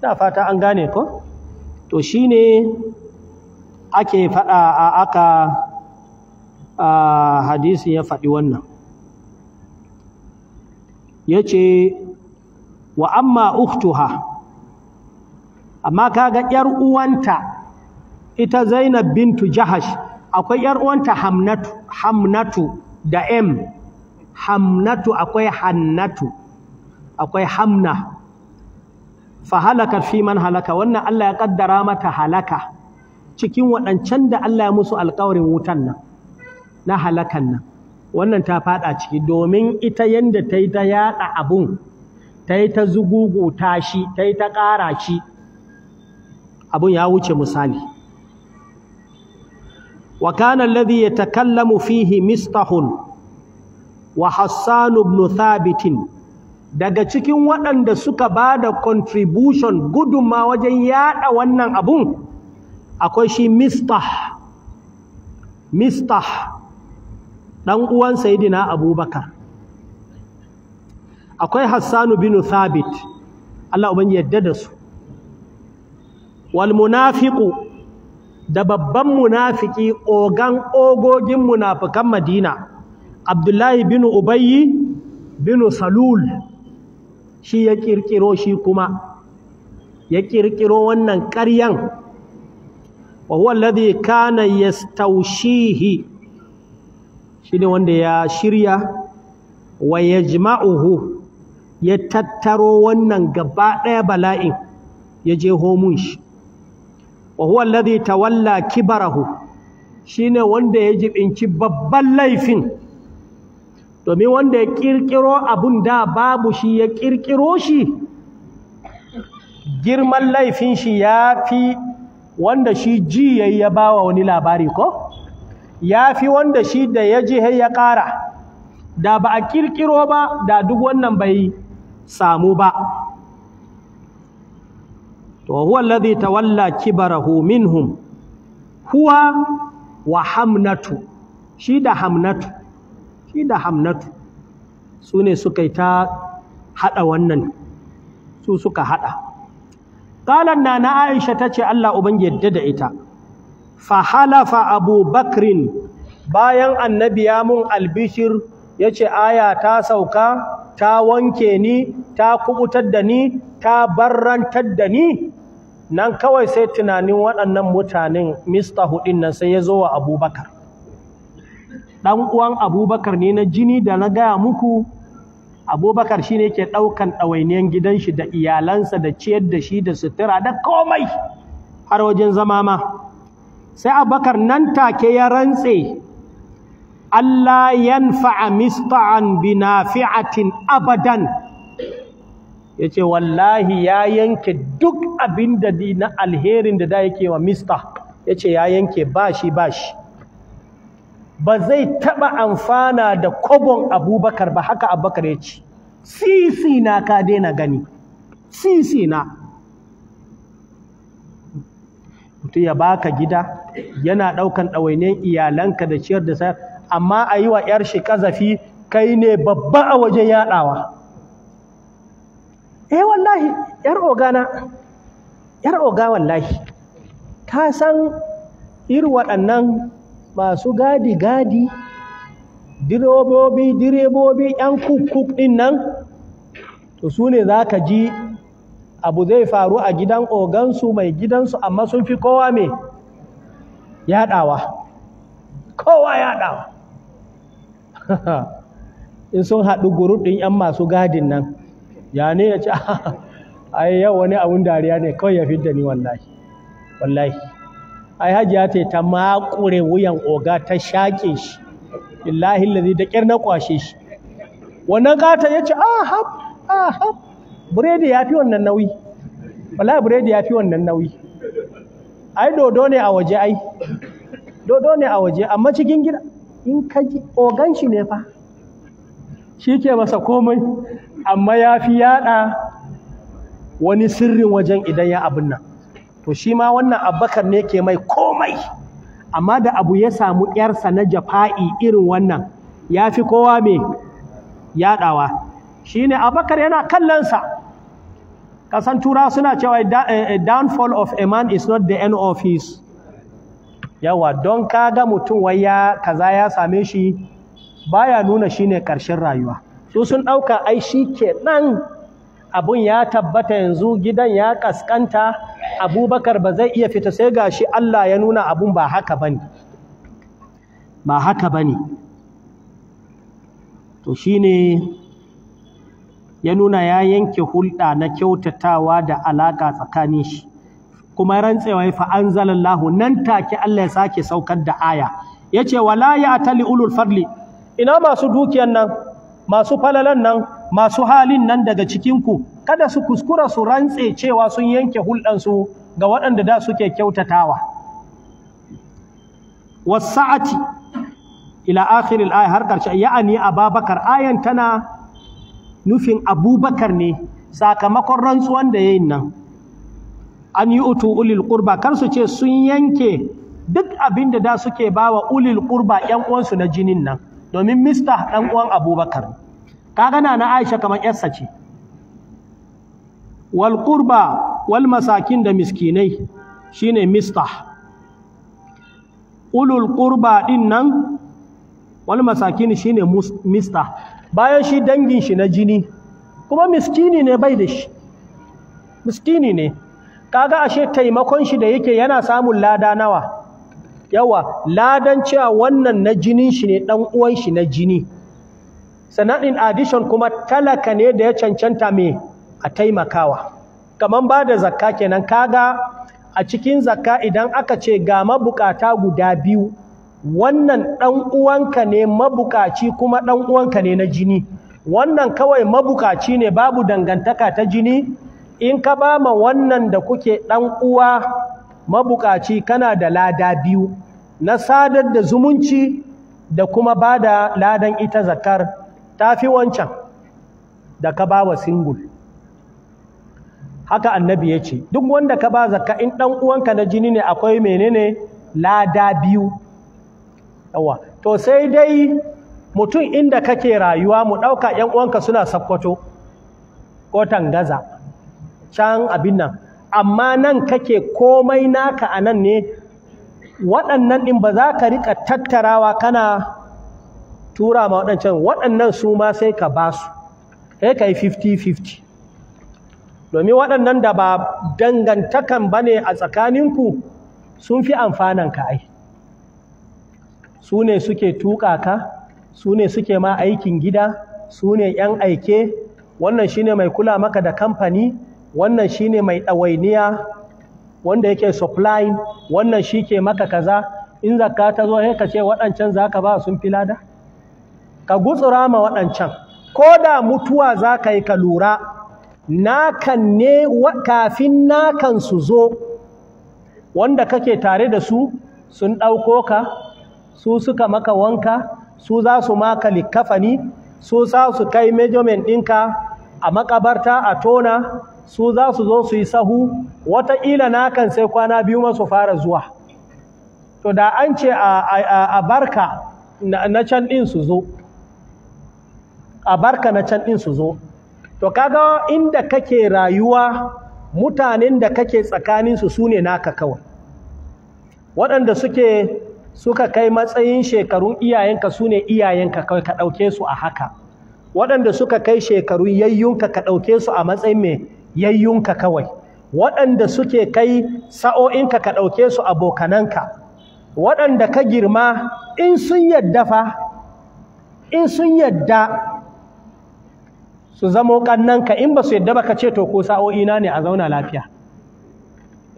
Speaker 1: da fata an gane ko to shi ne ake faɗa a aka a hadisi ya faɗi wannan ya ce wa amma uktuha amma kaga yar uwanta ita Zainab bintu Jahash akwai yar uwanta Hamnatu Hamnatu da M Hamnatu akwai Hannatu akwai Hamna fa halaka fi man halaka wannan Allah ya kaddara mata halaka cikin waɗancan da Allah ya musu alƙawarin wutan nan na halakan nan wannan ta faɗa ciki domin ita yadda ta yi ta yaɗa abun ta yi ta zugugu tashi ta yi ta ƙara shi abun ya wuce misali wa kana alladhi yatakallamu fihi mistahun wa hassan ibn thabitin daga cikin waɗanda suka ba da contribution gudunma wajen yaɗa wannan abun akwai shi mistah mistah ɗan uwan sayidina abubakar akwai hassanu binu thabit Allah uban yadda da su wal da babban munafiki ogan ogogin munafikan Madina Abdullahi bin Ubayy bin Salul shi ya kirkiro shi kuma ya kirkiro wannan ƙaryan wa huwa ya kana shi ne wanda ya shirya wa yajma'uhu ya tattaro wannan gaba ɗaya bala'in ya je homun shi wa huwa alladhi tawalla kibarahu shine wanda ya jibinci babban laifin domin wanda ya kirkiro abun da babu shi ya kirkiro shi girman laifin shi ya fi wanda shi ji yayi ya bawa wani labari ko ya fi wanda shi da ya ji ya ƙara da ba a kirkiro ba da duk wannan bai samu ba to huwa alladhi tawalla kibarahu minhum huwa wa hamnatu shi da hamnatu shi da hamnatu su ne suka yi ta haɗa wannan su suka haɗa ƙalan na aisha ta ce allah uban yadda da ita Fa halafa abu bakrin bayan annabi ya mun albishir ya ce aya ta sauka ta wanke ni ta kubutar da ni ta barrantar da ni nan kawai sai tunanin waɗannan mutanen mista hudin nan sai ya zo wa abubakar ɗan uwan abubakar ne na jini da na gaya muku abubakar shi ne ke ɗaukan ɗawainiyar gidan shi da iyalansa da ciyar da shi da sutura da komai har wajen zama ma sai abubakar nan take ya rantse Allah yanfa'a misqa'an binafi'atin abadan Ya ce wallahi ya yanke duk abinda na alherin da da yake wa mista ce ya yanke bashi bashi ba zai taɓa amfana da kobon abubakar ba haka abubakar ya ce sisi na ka daina gani sisi na mutum ya baka gida yana ɗaukan ɗawainiyar iyalanka da ciyar da sa amma a yi wa 'yar shi ƙazafi kai ne babba a waje yaɗawa eh wallahi 'yar ogana 'yar oga wallahi ta san iri waɗannan masu gadi-gadi direbobi direbobi 'yan kukuk ɗin nan to su ne za ka ji abu zai faru a gidan ogansu mai gidansu amma sun fi kowa mai yaɗawa kowa yaɗawa in sun haɗu guru ɗin 'yan masu gadin nan ya ne ya ce a ah, yau wani abun dariya ne kawai ya fi da ni wallahi wallahi ai ya ce ta makure wuyan oga ta shaƙe shi illahi lalzi da ƙyar na kwashe shi wannan ƙata ya ce ahab ah, ahab biredi ya fi wannan nauyi wallahi biredi ya fi wannan nauyi ai dodo ne a waje ai dodo ne a waje amma cikin gida in ka ji ogan shi ne fa shi ke masa komai amma ya fi yada wani sirrin wajen idan ya abin nan to shi ma wannan Abakar ne ke mai komai amma da abu ya samu yarsa na jafa'i irin wannan ya fi kowa mai yadawa shi ne Abakar yana kallonsa kasan tura suna cewa eh, eh, downfall of a man is not the end of his yawa don kaga mutum wai ya kaza ya same shi baya nuna shine ƙarshen rayuwa su sun ɗauka ai shi nan. abun ya tabbata yanzu gidan ya kaskanta. abubakar ba zai iya fita sai gashi Allah ya nuna abun ba haka bane ba haka bane to shine ya nuna ya yanke hulɗa na kyautatawa da alaƙa tsakanin shi kuma rantsewa fa anzalallahu nan take Allah ya sake saukar da aya yace wala a atali ulul fadli ina masu dukiyan nan masu falalan nan masu halin nan daga cikinku kada su kuskura su rantse cewa sun yanke su ga waɗanda da suke kyautatawa wasa'ati ila akhiril aya har karshe ya'ani ababakar ayan tana nufin abubakar ne sakamakon rantsuwan da yayin nan an yi utu ulil kurba kar su ce sun yanke duk abin da da suke bawa ulil 'yan uwansu na jinin nan domin mista ɗan uwan abubakar kaga na na aisha kamar yarsa ce wal kurba wal masakin da miskinai shine mista ulul kurba din nan wal masakin shine mista bayan shi dangin shi na jini kuma miskini ne bai da shi miskini ne kaga ashe taimakon shi da yake yana samun lada nawa yawa ladan cewa wannan na jinin shi ne dan uwan shi na jini sanan in addition kuma talaka ne da ya cancanta me a taimakawa kaman ba da zakka kenan kaga a cikin zakka idan aka ce ga mabukata guda biyu wannan ɗan uwanka ne mabukaci kuma ɗan uwanka ne na jini wannan kawai mabukaci ne babu dangantaka ta jini in ka ba ma wannan da kuke ɗan uwa mabukaci kana da lada biyu na sadar da zumunci da kuma ba da ladan ita zakar ta fi wancan da ka ba wa singul haka annabi ya ce duk wanda ka ba zaka in ɗan uwanka na jini ne akwai menene lada biyu yawa to sai dai mutum inda kake rayuwa mu ɗauka ‘yan uwanka suna sakkwato ko tangaza can abin nan amma nan kake komai naka a nan ne waɗannan ɗin ba za ka riƙa tattarawa kana tura ma waɗancan waɗannan su ma sai ka ba su sai ka yi 50-50 domin waɗannan da ba dangantakan ba ne a tsakaninku sun fi amfananka ai su ne suke tuƙa ka su ne suke ma aikin gida su ne 'yan aike wannan shine mai kula maka da kamfani wannan shi ne mai ɗawainiya wanda yake supplying wannan shi ke maka kaza in zakka ta zo sai ka ce waɗancan za ka ba sun fi lada ka gutsura ma waɗancan ko da mutuwa za ka yi ka lura nakan ne kafin nakan su zo wanda kake tare da su sun ɗauko ka su suka maka wanka su za su maka likafani su za su kai measurement ɗinka a makabarta a tona su za su zo su yi sahu wataƙila na kan sai kwana biyu masu fara zuwa to da an ce a barka na can ɗin su zo a barka na can ɗin su zo to kaga inda kake rayuwa mutanen da kake tsakaninsu su ne naka kawai waɗanda suke suka kai matsayin shekarun iyayenka su ne iyayenka kawai ka ɗauke su a haka waɗanda suka kai shekarun yayyunka ka ɗauke su a matsayin mai yayyunka kawai waɗanda suke kai sa'o'inka ka ɗauke su abokananka waɗanda ka girma in sun yadda fa in sun yadda su zamo ƙannanka in ba su yadda ba ka ce to ko sa'o'ina ne a zauna lafiya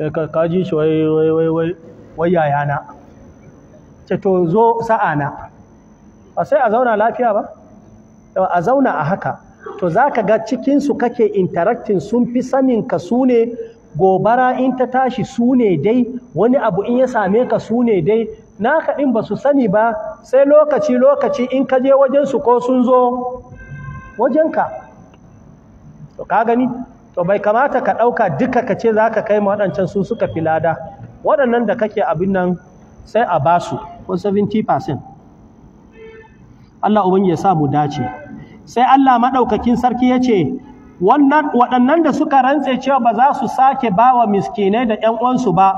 Speaker 1: eh, ka ji shi wai wai wai wai yayana ce to zo sa'ana ba sai a zauna lafiya ba a zauna a haka to za ka ga cikinsu kake interacting sun fi sanin ka su ne gobara in ta tashi su ne dai wani abu in ya same ka su ne dai naka ɗin ba su sani ba sai lokaci lokaci in ka je wajensu ko sun zo wajenka to ka gani to bai kamata ka ɗauka duka ka ce za ka kai ma waɗancan su suka fi lada waɗannan da kake abin nan sai a basu ko 70% Allah Ubangiji ya sa mu dace sai Allah maɗaukakin sarki ya ce waɗannan da suka rantse cewa ba za su sake ba wa miskinai da ‘yan uwansu ba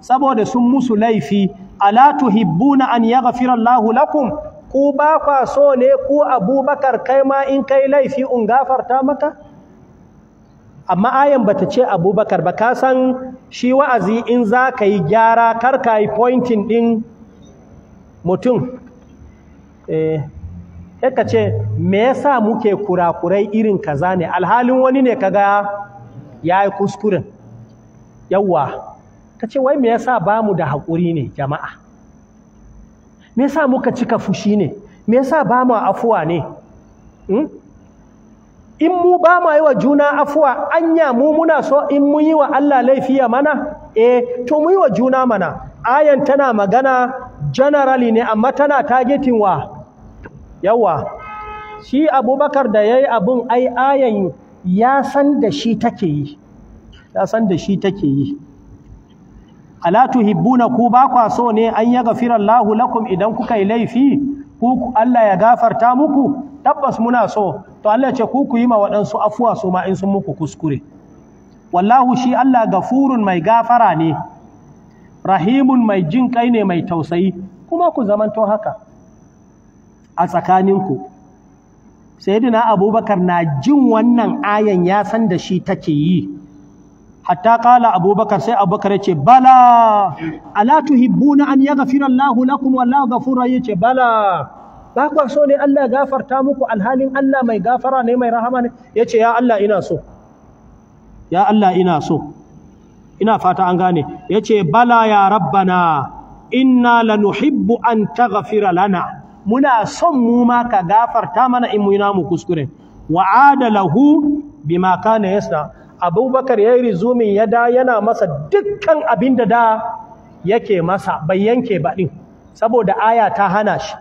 Speaker 1: saboda sun musu laifi ala tuhibbuna an gafira Allahu lakum ku ba kwa so ne ku Abubakar kai ma in kai laifi in gafarta maka amma ayan ba ta ce Abubakar ba ka san shi wa'azi in za ka yi gyara kar ka yi pointing din mutum eh, sai ce me ya yasa muke kurakurai irin kaza ne alhalin wani ne kaga ya yi kuskuren yawwa Ta ce wai me ya sa ba mu da haƙuri ne jama'a me ya sa muka cika fushi ne me ya sa ba mu afuwa ne hmm? in mu ba mu yi wa juna afuwa anya mu muna so in mu yi wa Allah laifi ya mana eh to mu yi wa juna mana ayan tana magana generally ne amma tana targeting wa yawa shi abubakar da ya yi abin ai ayan ya san da shi take yi ya san da shi take yi alatu Hibbuna ku ba kwa so ne an ya gafira Allahu lakum idan kuka yi laifi ku Allah ya gafarta muku tabbas muna so to Allah ce ku ku yi ma waɗansu afuwa suma ma in sun muku kuskure wallahu shi Allah gafurun mai gafara ne rahimun mai jin kai ne mai tausayi kuma ku zamanto haka a tsakaninku sayyidina abubakar na jin wannan ayan ya san da shi take yi hatta kala abubakar sai abubakar ya ce bala ala tuhibbuna an yaghfira Allahu lakum wallahu ya ce bala ba kwa so ne Allah gafarta muku alhalin Allah mai gafara ne mai rahama ne yace ya Allah ina so ya Allah ina so ina fata an gane Ya ce bala ya rabbana inna lanuhibbu an taghfira lana muna son mu ma ka gafarta mana in mu yi namu kuskure wa adalahu bima kana yasa abubakar ya yi rizumin ya da yana masa dukkan abin da da yake masa bai yanke ba din saboda aya ta hana shi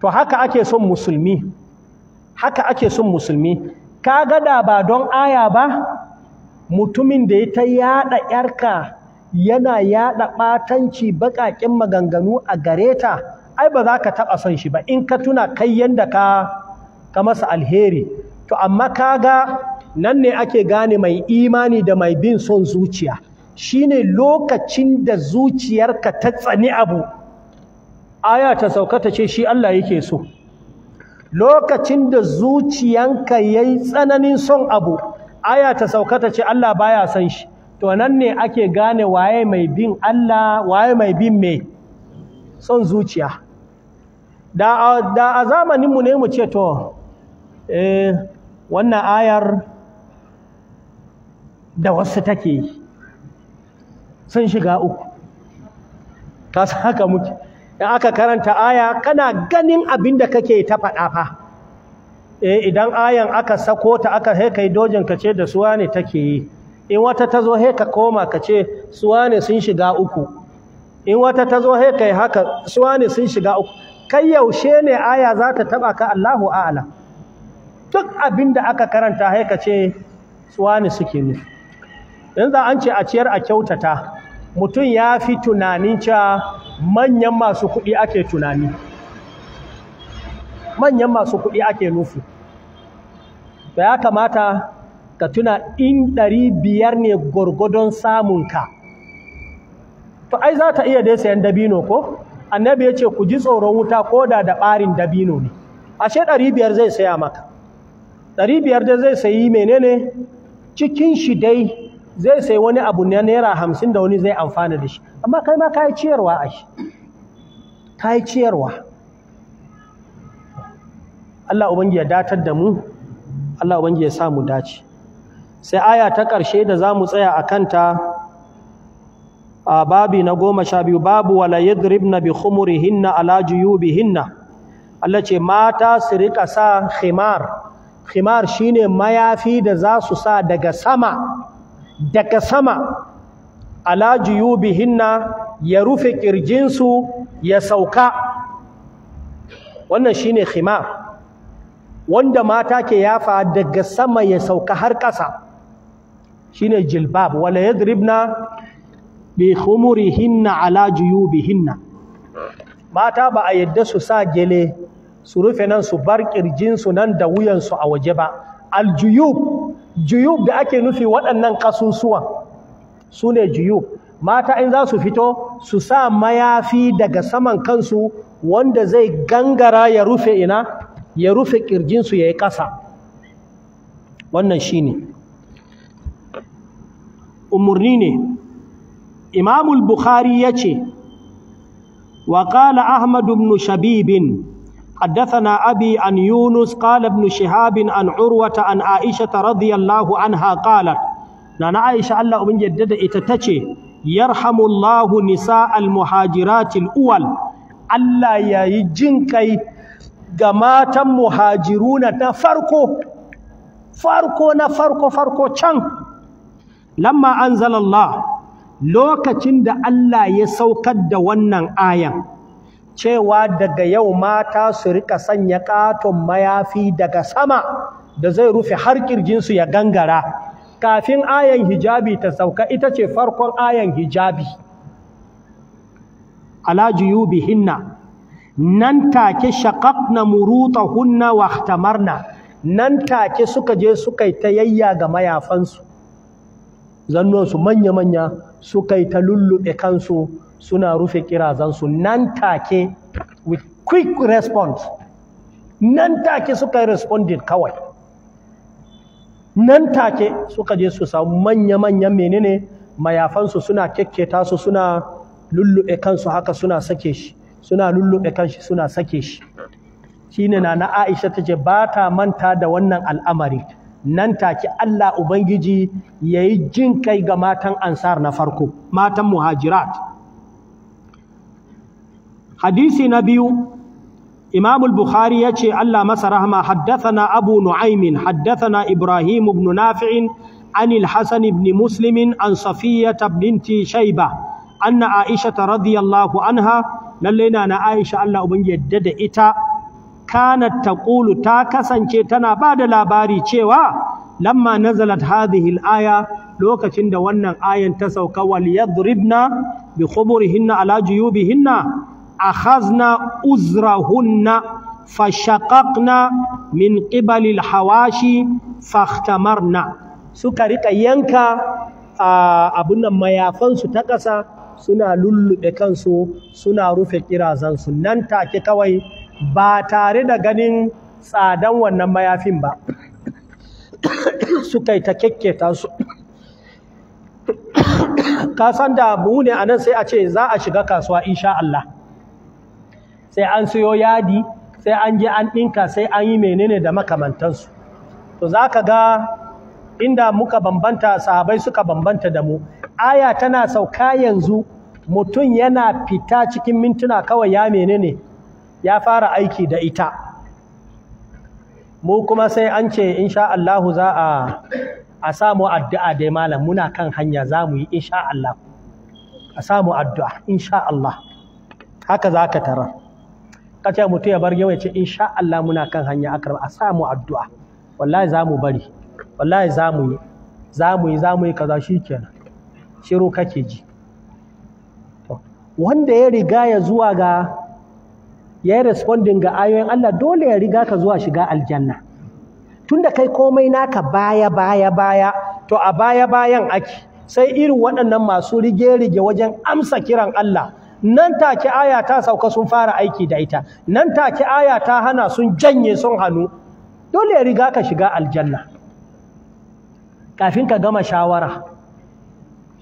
Speaker 1: to haka ake son musulmi haka ake son musulmi ka ga da ba don aya ba mutumin da ya ta yaɗa ‘yarka yana yada batanci baƙaƙen maganganu a gareta ai ba za ka taɓa son shi ba in ka tuna kai yadda ka ka masa alheri to amma ka ga nan ne ake gane mai imani da mai bin son zuciya shine lokacin da zuciyarka ta tsani abu aya ta saukata ce shi Allah yake so lokacin da zuciyanka yi tsananin son abu aya ta saukata ce Allah baya son shi to nan ne ake gane waye mai bin Allah waye mai bin me son zuciya da a zamaninmu ne mu ce to eh wannan ayar da wasu take yi sun shiga uku ta haka muke in aka karanta aya kana ganin abin da kake ta faɗa fa eh idan ayan aka sako ta aka he kai dojin ka ce da suwa ne take yi in wata ta zo he ka koma ka ce suwa ne sun shiga uku in wata ta zo he kai haka suwa ne sun shiga uku kai yaushe ne aya za ta taba ka Allahu a'ala duk abinda aka karanta ka ce suke nufi yanzu an ce a ciyar a kyautata mutum ya fi tunanin cewa manyan masu kuɗi ake tunani manyan masu kuɗi ake nufi da ya kamata ka tuna in ɗari biyar ne gwargwadon samunka to ai za ta iya dai sayan dabino ko annabi ya ce ku ji tsoron wuta ko da da ɓarin dabino ne ashe ɗari biyar zai saya maka ɗari biyar da zai sayi menene cikin shi dai zai sayi wani abu na naira hamsin da wani zai amfana da shi amma kai ma ka yi ciyarwa a shi ka yi ciyarwa Allah ubangi ya datar da mu Allah ubangi ya sa mu dace sai aya ta ƙarshe da za mu tsaya a kanta a babi na goma sha biyu babu wala yadribna bi khumurihinna ala juyubihinna Allah ce mata su rika sa khimar khimar shine mayafi da za su sa daga sama daga sama ala juyubihinna ya rufe ƙirjinsu ya sauka wannan shine khimar wanda mata ke yafa daga sama ya sauka har ƙasa shine jilbab wala yadribna bi khumurihinna ala juyubihinna mata ba a yadda su sa gele su rufe nan su bar kirjinsu nan da wuyansu a waje ba Al juyub juyub da ake nufi waɗannan ƙasusuwan su ne juyub mata in za su fito su sa mayafi daga saman kansu wanda zai gangara ya rufe ina ya rufe kirjinsu ya yi ƙasa wannan shi ne umarni ne imamul bukhari ya ce wa ƙala ahmadu ibn shabibin حدثنا أبي عن يونس قال ابن شهاب عن عروة عن عائشة رضي الله عنها قالت نانا عائشة الله من جدد إتتشي يرحم الله نساء المهاجرات الأول ألا يجنكي جماعة مهاجرون نفرقو فرقو نفرقو فرقو چن لما أنزل الله lokacin da Allah ya saukar da wannan ayan cewa daga yau mata su rika sanya katon mayafi daga sama da zai rufe har kirjinsu ya gangara kafin ayan hijabi ta sauka ita ce farkon ayan hijabi ala hinna nan take shaqaqna hunna wa ihtamarna nan take suka je suka yi ga mayafansu zannonsu manya-manya suka yi ta lullube kansu suna rufe kirazansu nan take with quick response nan take suka yi responded kawai nan take suka je su samu manya manya menene mayafansu suna kekketa su suna lullube kansu haka suna sake shi suna lullube kanshi suna sake shi shine na na Aisha tace ba ta manta da wannan al'amari nan take Allah Ubangiji ya yi jin kai ga matan ansar na farko matan muhajirat hadisi na biyu imam al-bukhari ya ce Allah masa rahama haddathana abu Nu'aimin, haddathana ibrahim ibn nafi' an al-hasan ibn muslim an safiyyah binti Shaiba. anna aisha radhiyallahu anha lallai na na aisha Allah Ubangiji ya dada ita kanat taqulu ta kasance tana ba da labari cewa lamma nazalat hadhihi al-aya lokacin da wannan ayan ta sauka wal yadribna bi khumurihinna ala juyubihinna akhazna uzrahunna fashaqaqna min qibali al-hawashi fakhtamarna suka rika yanka abun nan mayafansu ta ƙasa suna lullube kansu suna rufe kirazansu nan take kawai ba tare da ganin tsadan wannan mayafin ba suka yi ta kyakketa su kasan da buhu ne a nan sai a ce za a shiga kasuwa insha Allah sai an siyo yadi sai an ji an ɗinka sai an yi menene da makamantansu to za ka ga inda muka bambanta sahabai suka bambanta da mu aya tana sauka yanzu mutum yana fita cikin mintuna kawai ya menene ya fara aiki da ita mu kuma sai an ce insha Allah za a a samu addu'a dai malam muna kan hanya za mu yi insha Allah a samu addu'a insha Allah haka za ka tarar ka ce mutum ya bar gewa ce insha Allah muna kan hanya akar a samu addu'a wallahi za mu bari wallahi za mu yi za mu yi za mu yi kaza shi kenan shiru kake ji wanda ya riga ya zuwa ga ya yi responding ga ayoyin Allah dole ya riga ka zuwa shiga aljanna tunda kai komai naka baya baya baya to a baya bayan ake sai irin waɗannan masu rige-rige wajen amsa kiran Allah nan take aya ta sauka sun fara aiki da ita nan take aya ta hana sun janye sun hannu dole ya riga ka shiga aljanna kafin ka gama shawara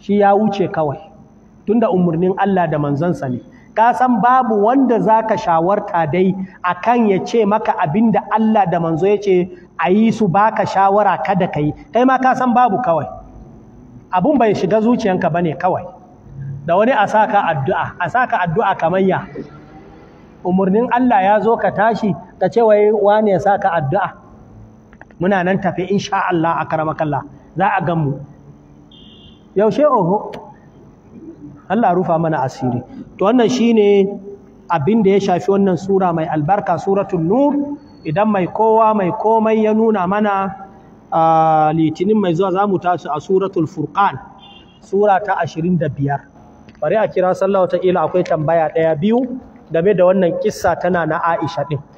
Speaker 1: shi ya wuce kawai tunda umarnin Allah da manzansa ne ka san babu wanda za ka shawarta dai akan ya ce maka da Allah da manzo ya ce a yi su baka shawara kada ka yi kai ma ka san babu kawai abun bai shiga zuciyanka ne kawai da wani a saka addu'a a saka addu'a kamar ya Umarnin Allah ya zo ka tashi ka ce wai wane ya saka addu'a muna nan tafi insha Allah a karamakallah za a gan mu yaushe oho Allah rufa mana asiri to wannan shine abin da ya shafi wannan sura mai albarka suratul nur idan mai kowa mai komai ya nuna mana a litinin mai zuwa zamu su a suratul furqan sura ta 25 bari a kira sallahu ta'ala akwai tambaya daya biyu game da wannan kissa tana na Aisha din